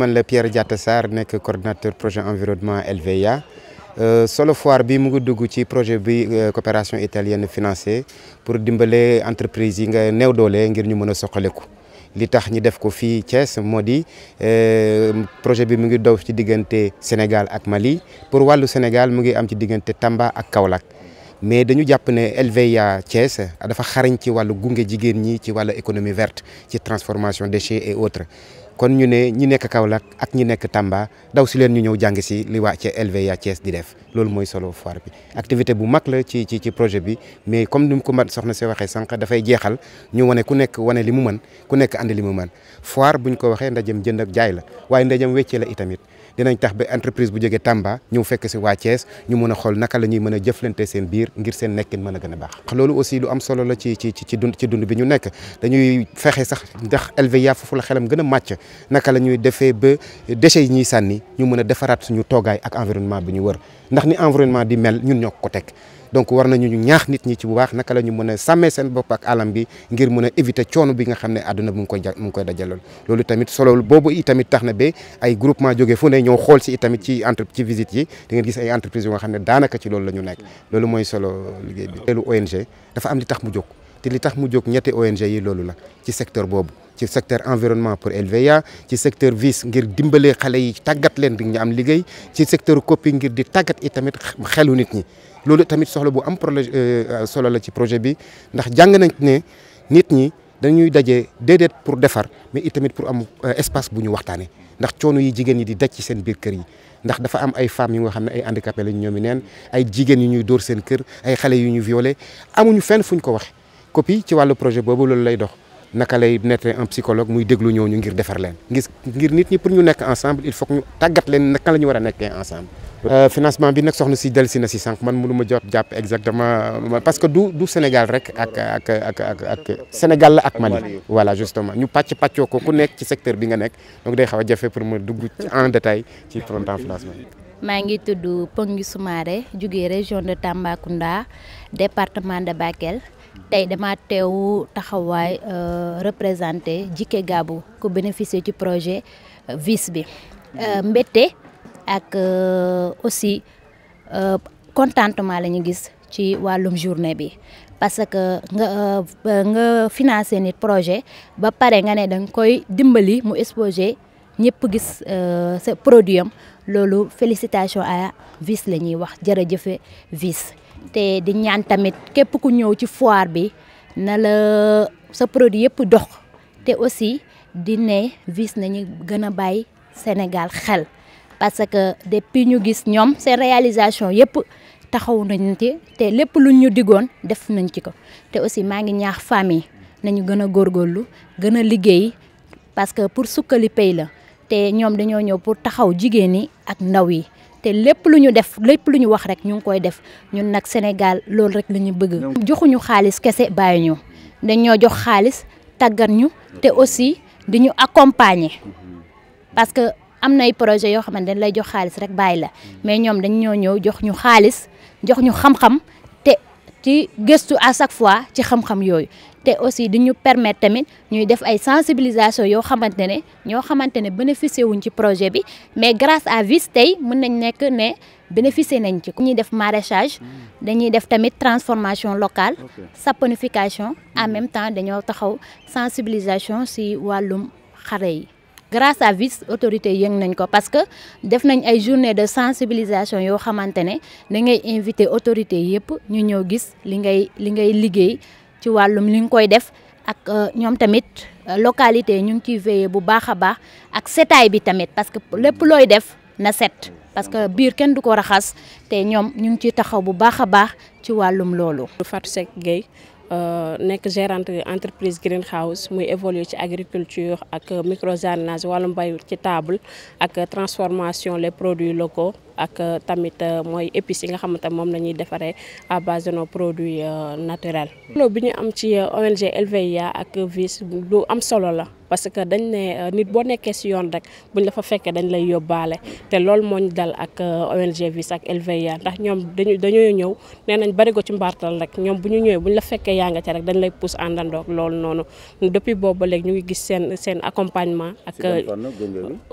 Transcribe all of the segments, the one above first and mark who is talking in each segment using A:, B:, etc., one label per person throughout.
A: man la Pierre Diatta Sarr nekk coordinateur projet environnement LVIA euh, solo foire bi mu ngi dugg ci projet bi euh, coopération italienne financé pour dimbale entreprise yi nga néew doole ngir ñu mën a soqaleku li tax ñi def ko fii Thiès moo di euh, projet bi mu ngi dow ci diggante Sénégal ak Mali pour wàllu Sénégal mu ngi am ci diggante Tamba ak Kaolack mais dañu jàpp ne LVIA Thiès dafa xarañ ci wàllu gunge jigéen ñi ci wàllu économie vert ci transformation déchets et autres kon ñu ne ñi nekk Kaolack ak ñi nekk Tamba daw si leen ñu ñëw jàng si li waa ca LVIA Thiès di def loolu mooy solo foire bi activité bu mag la ci ci ci projet bi mais comme ni mu ko mën soxna si waxee sànq dafay jeexal ñu wane ku nekk wane li mu mën ku nekk andi li mu man foire buñ ko waxee ndajem jënd ak jaay la waaye ndajem weccee la itamit dinañ tax ba entreprise bu jógee Tamba ñëw fekk si waa Thiès ñu mën a xool naka la ñuy mën a jëflante seen biir ngir seen nekkin mën a gën a baax loolu aussi lu am solo la ci ci ci dund ci dund bi ñu nekk dañuy fexe sax ndax LVIA foofu la xelam gën a màcc naka la ñuy defee ba déchets yi ñuy sànni ñu mën a defaraat suñu toogaay ak environnement bi ñu wër ndax ni environnement di mel ñun ñoo ko teg donc war nañu ñu ñaax nit ñi ci bu baax naka la ñu mën a sàmmee seen bopp alam bi ngir mun a éviter coono bi nga xam ne àdduna mu ngi koy mu ngi koy dajalool loolu tamit solo boobu itamit tax na ba ay groupement jógee fu ne ñoo xool si itamit ci entre ci yi dinga ngeen gis ay entreprise ne daanaka ci loolu la ñu nekk loolu mooy solo liggéey bi teelu ONG dafa am li tax mu jóg te li tax mu jóg ñetti ONG yi loolu la ci secteur boobu ci secteur environnement pour LVIA ci secteur vice ngir dimbalee xale yi tàggat leen di ñu am liggéey ci secteur copie ngir di tàggat itamit xelu nit ñi loolu tamit soxla bu am projet euh, euh, solo la ci projet bi ndax jàng nañ ne nit ñi dañuy daje déedéet pour defar mais itamit pour am euh, espace bu ñu waxtaanee ndax coono yi jigéen ñi di daj ci seen biir kër yi ndax dafa am ay femmes yu nga xam ne ay handicapé lañ ñoomi neen ay jigéen yu ñuy dóor seen kër ay xale yu ñu violé amuñu fenn fuñ ko waxe copie ci wàllu projet boobu loolu lay dox naka lay nekkee un psychologue muy déglu ñooñu ngir defar leen ngir nit ñi pour ñu nekk ensemble il faut ñu tàggat leen naka la war a nekkee ensemble. Euh, financement bi nag soxna si dellu si na man mënu ma jàpp exactement parce que du Sénégal rek ak Sénégal la ak Mali. voilà justement ñu pàcc pàccoo ko ku nekk ci secteur bi nga nekk donc day xaw a jafe pour ma dugg en détail ci programme financement bi.
B: maa ngi tudd Pongi Soumaré jugee région de tey dama teew taxawaay euh, représenté jikke Gabou ku bénéficier ci projet euh, VIS bi euh, mbette ak aussi contentement la ñu gis ci wàllum journée bi parce que nga nga financé nit projet ba pare nga ne danga koy dimbali mu exposé ñëpp gis sa produit am loolu félicitation à VIS la ñuy wax jërëjëfe VIS te di ñaan tamit képp ku ñëw ci foire bi na la sa produit yëpp dox te aussi di ne Vis nañu gën a bàyyi Sénégal xel parce que depuis ñu gis ñoom seen réalisation yëpp taxaw nañ ci te lépp lu ñu diggoon def nañ ci ko te aussi maa ngi ñaax famille nañu gën a góorgóorlu gën a liggéey parce que pour sukkali pays la te ñoom dañoo ñëw pour taxaw jigéen ñi ak ndaw yi te lépp lu ñu def lépp lu ñu wax rek ñu ngi koy def ñun nag Sénégal loolu rek la ñu bëgg. joxuñu xaalis kese bàyyi ñu dañoo jox xaalis tàggat ñu te aussi di ñu accompagner mhm. parce que am na ay projets yoo xamante dañ lay jox xaalis rek bàyyi la mhm. mais ñoom dañ ñoo ñëw jox ñu xaalis jox ñu xam-xam te ci gëstu à chaque fois ci xam-xam yooyu te aussi di ñu permettre tamit ñuy def ay sensibilisation yoo xamante ne ñoo xamante ne bénéficier wuñ ci projet bi mais grâce à VIS tey mën nañ nekk ne bénéficier nañ ci ko ñuy def maraîchage hmm. dañuy def tamit transformation locale saponification en hmm. même temps dañoo taxaw sensibilisation si wàllum xare yi grâce à VIS autorité yëng nañ ko parce que def nañ ay journée de sensibilisation yoo xamante ne da ngay invité autorité yëpp ñu ñëw gis li ngay li ngay liggéey ci wàllum li ñu koy def ak euh, ñoom tamit euh, localité yi ñu ngi ciy veiller bu baax a baax ak setaay bi tamit parce que lépp looy def na set parce
C: que biir kenn du ko raxas te ñoom ñu ngi ciy taxaw bu baax a baax ci wàllum loolu. Fatou Seck Gueye euh, nekk gérante entreprise Green House muy évoluer ci agriculture ak microartisanat wàllum mbay ci table ak transformation les produits locaux. ak euh, tamit euh, mooy épices yi nga xamante ne moom la ñuy defaree à base de nos produits euh, naturels. loolu bi ñu am ci ONG LVIA ak VIS lu am solo la. parce que dañ ne nit boo nekkee si yoon rek buñ la fa fekkee dañ lay yóbbaale te loolu moo ñu dal ak ONG VIS ak LVIA ndax ñoom dañu dañoo ñëw nee nañ bari ko ci mbaartal rek ñoom bu ñu ñëwee bu ñu la fekkee yaa nga ca rek dañ lay pousse àndandoog loolu noonu depuis boobu léegi ñu ngi gis seen seen accompagnement ak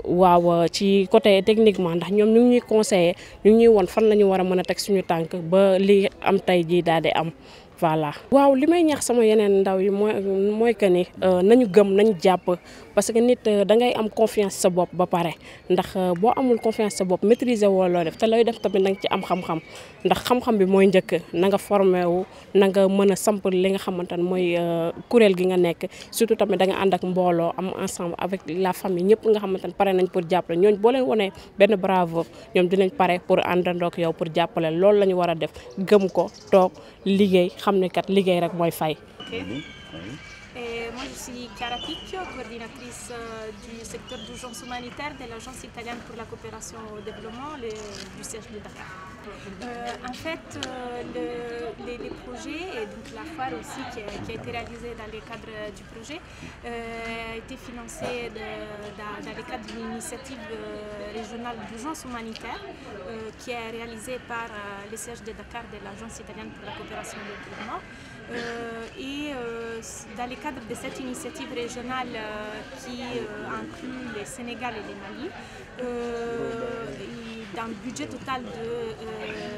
C: waaw ci côté techniquement ndax ñoom ñu ngi ñuy conseil teye ñu ñuy woon fan la ñu mën a teg suñu tànk ba li am tey jii daal di am voilà. waaw li may ñaax sama yeneen ndaw yi mooy mooy que ni euh, nañu gëm nañu jàpp. parce que nit euh, dangay am confiance sa bopp ba pare ndax euh, boo amul confiance sa bopp maîtriser woo loo def te lay def tamit na nga ci am xam-xam ndax xam-xam bi mooy njëkk na nga formé wu na nga mën a samp li nga xamante ne mooy euh, kuréel gi nga nekk surtout tamit da nga ànd ak mbooloo am ensemble avec la famille ñëpp nga xamante ne pare nañ pour jàppale ñooñ boo leen wanee benn bravo ñoom dinañ pare pour àndandoo ak yow pour jàppale lool la ñu war a def gëm ko toog liggéey xam ne liggéey rek mooy fay.
D: Et moi, je suis Chiara Picchio, coordinatrice euh, du secteur d'urgence humanitaire de l'Agence italienne pour la coopération au développement du siège de Dakar. Euh, en fait, euh, le, les, les, projets et donc la aussi qui a, qui a, été réalisée dans le cadre du projet euh, a été financée de, de, dans, le cadre d'une initiative euh, régionale d'urgence humanitaire qui est réalisée par le siège de Dakar de l'Agence italienne pour la coopération au développement. dans le de cette initiative régionale euh, qui euh, inclut le Sénégal et euh, le Mali, d'un budget total de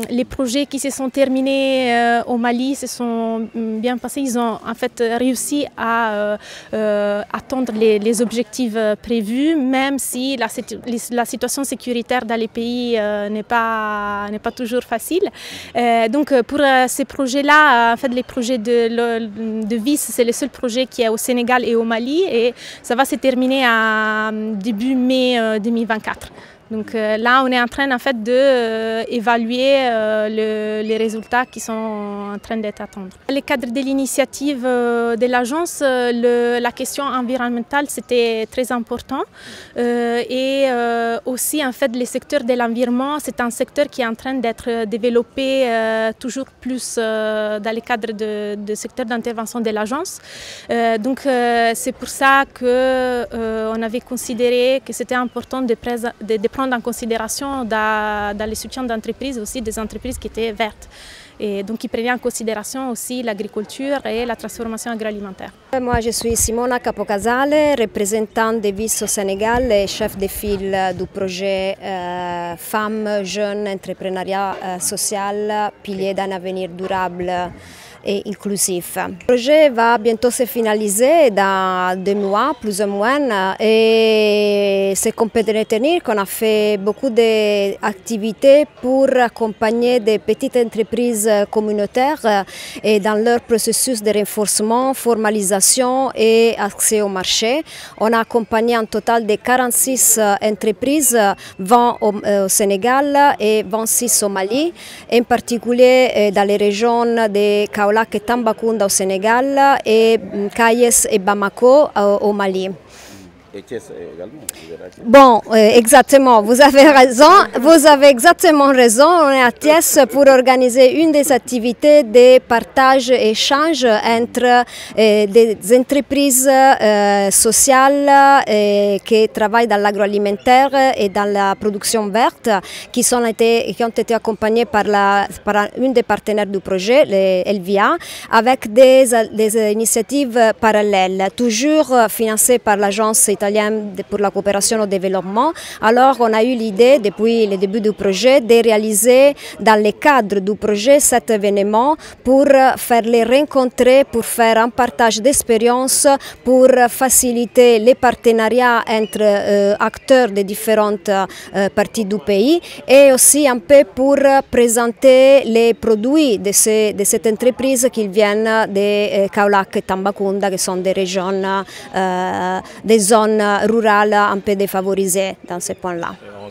D: Euh, les projets qui se sont euh, au Mali se bien passés. en fait réussi à euh, euh atteindre les, les, objectifs même si la, la sécuritaire dans les pays pas n'est pas toujours facile. donc pour ces projets-là, en fait de, de VIS, c'est le projet qui est au Mali et ça va se terminer à début Donc euh, là, on est en train en fait d'évaluer euh, euh, le, les résultats qui sont en train d'être attendus. Dans le cadre de l'initiative euh, de l'agence, euh, la question environnementale, c'était très important. Euh, et aussi, en fait, le secteur de l'environnement, c'est un secteur qui est en train d'être développé toujours plus dans le cadre de, de secteur d'intervention de l'agence. donc, c'est pour ça qu'on on avait considéré que c'était important de, de, de prendre prendre en considération dans, dans les soutiens d'entreprises aussi des entreprises qui étaient vertes. Et donc, il prenait en considération aussi l'agriculture et la transformation agroalimentaire.
E: Moi, je suis Simona Capocasale, représentante de Visso Sénégal et chef de file du projet euh, Femmes, Jeunes, Entrepreneuriat euh, Social, pilier durable. et inclusif. Le projet va bientôt se dans deux mois, plus ou moins, et ce qu'on peut retenir, qu'on a fait beaucoup d'activités pour accompagner des petites entreprises communautaires et dans leur processus de renforcement, formalisation et accès au a accompagné un total de 46 euh, entreprises, 20 au, euh, au Sénégal et 26 Kaolack e Tambacounda mm, au Sénégal et Kayes et Bamako au Mali. Et euh, exactement, vous avez raison, vous avez exactement raison. On est à Thiès pour organiser une des activités de partage et échange entre euh, des entreprises euh, sociales euh, qui travaillent dans l'agroalimentaire et dans la production verte, qui, sont ont été accompagnées par, la, par une des partenaires du projet, les LVA, avec des, des initiatives parallèles, toujours euh, financées par l'agence italienne pour la coopération au développement. Alors on a eu l'idée depuis le début du projet de réaliser dans le cadre du projet cet événement pour faire les rencontrer, pour faire un partage d'expériences, pour faciliter les partenariat entre euh, acteurs des différentes euh, parties du pays et aussi un peu pour présenter les produits de, ces, de cette entreprise qui viennent de euh, Kaolac et Tambacounda, qui sont des régions, euh, des zones zone rurale un peu défavorisée dans ce point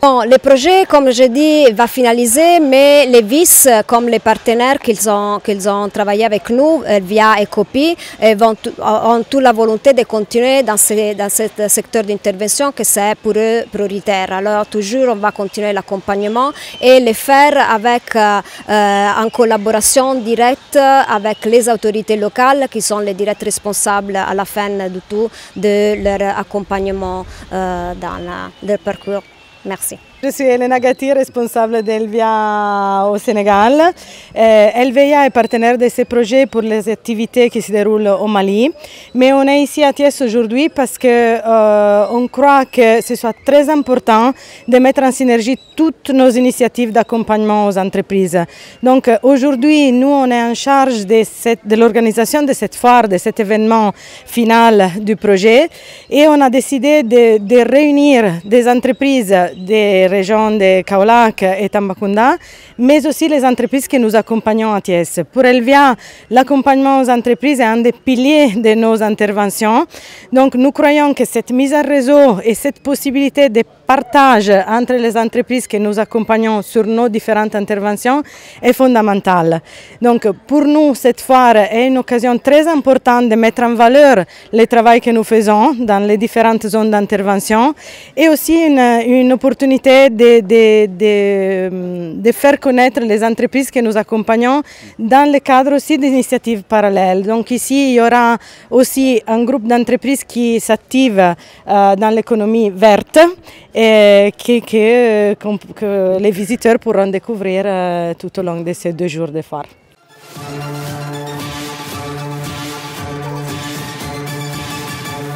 E: bon, Le projet, comme je dis, va finaliser, mais les vis, comme les partenaires qu'ils ont, qu ont travaillé avec nous euh, via Ecopi, euh, vont, ont toute la volonté de continuer dans ce, dans ce secteur d'intervention que c'est pour eux prioritaire. Alors toujours, on va continuer l'accompagnement et le faire avec, euh, euh, en collaboration directe avec les autorités locales qui sont les directes responsables à la fin du tout de leur accompagnement euh, dans leur parcours. Merci. Je suis Elena Gatti,
F: responsable d'Elvia au Sénégal. Eh, Elvia est partenaire de ce projet pour les activités qui se déroulent au Mali. Mais on est aujourd'hui parce que euh, croit que ce soit très important de mettre en synergie toutes nos initiatives d'accompagnement aux entreprises. Donc aujourd'hui, nous, on est en charge de, de l'organisation de cette foire, de cet événement final du projet. Et on a décidé de, de réunir des entreprises, des régions de Kaolac et Tambacounda, mais aussi les entreprises qui nous accompagnent à Thiès. Pour Elvia, l'accompagnement aux entreprises est un des piliers de nos interventions. Donc nous croyons que cette mise en réseau et cette possibilité de partage entre les entreprises que nous accompagnons sur nos différentes interventions est fondamentale. Donc pour nous, cette foire est une occasion très importante de mettre en valeur le travail que nous faisons dans les différentes zones d'intervention et aussi une, une opportunité c'est de, de, de, de, faire connaître les entreprises que nous accompagnons dans le cadre aussi d'initiatives parallèles. Donc ici, il y aura aussi un groupe d'entreprises qui s'active euh, dans l'économie verte et que, que, euh, que, les visiteurs pourront découvrir euh, tout au long de ces deux jours de foire.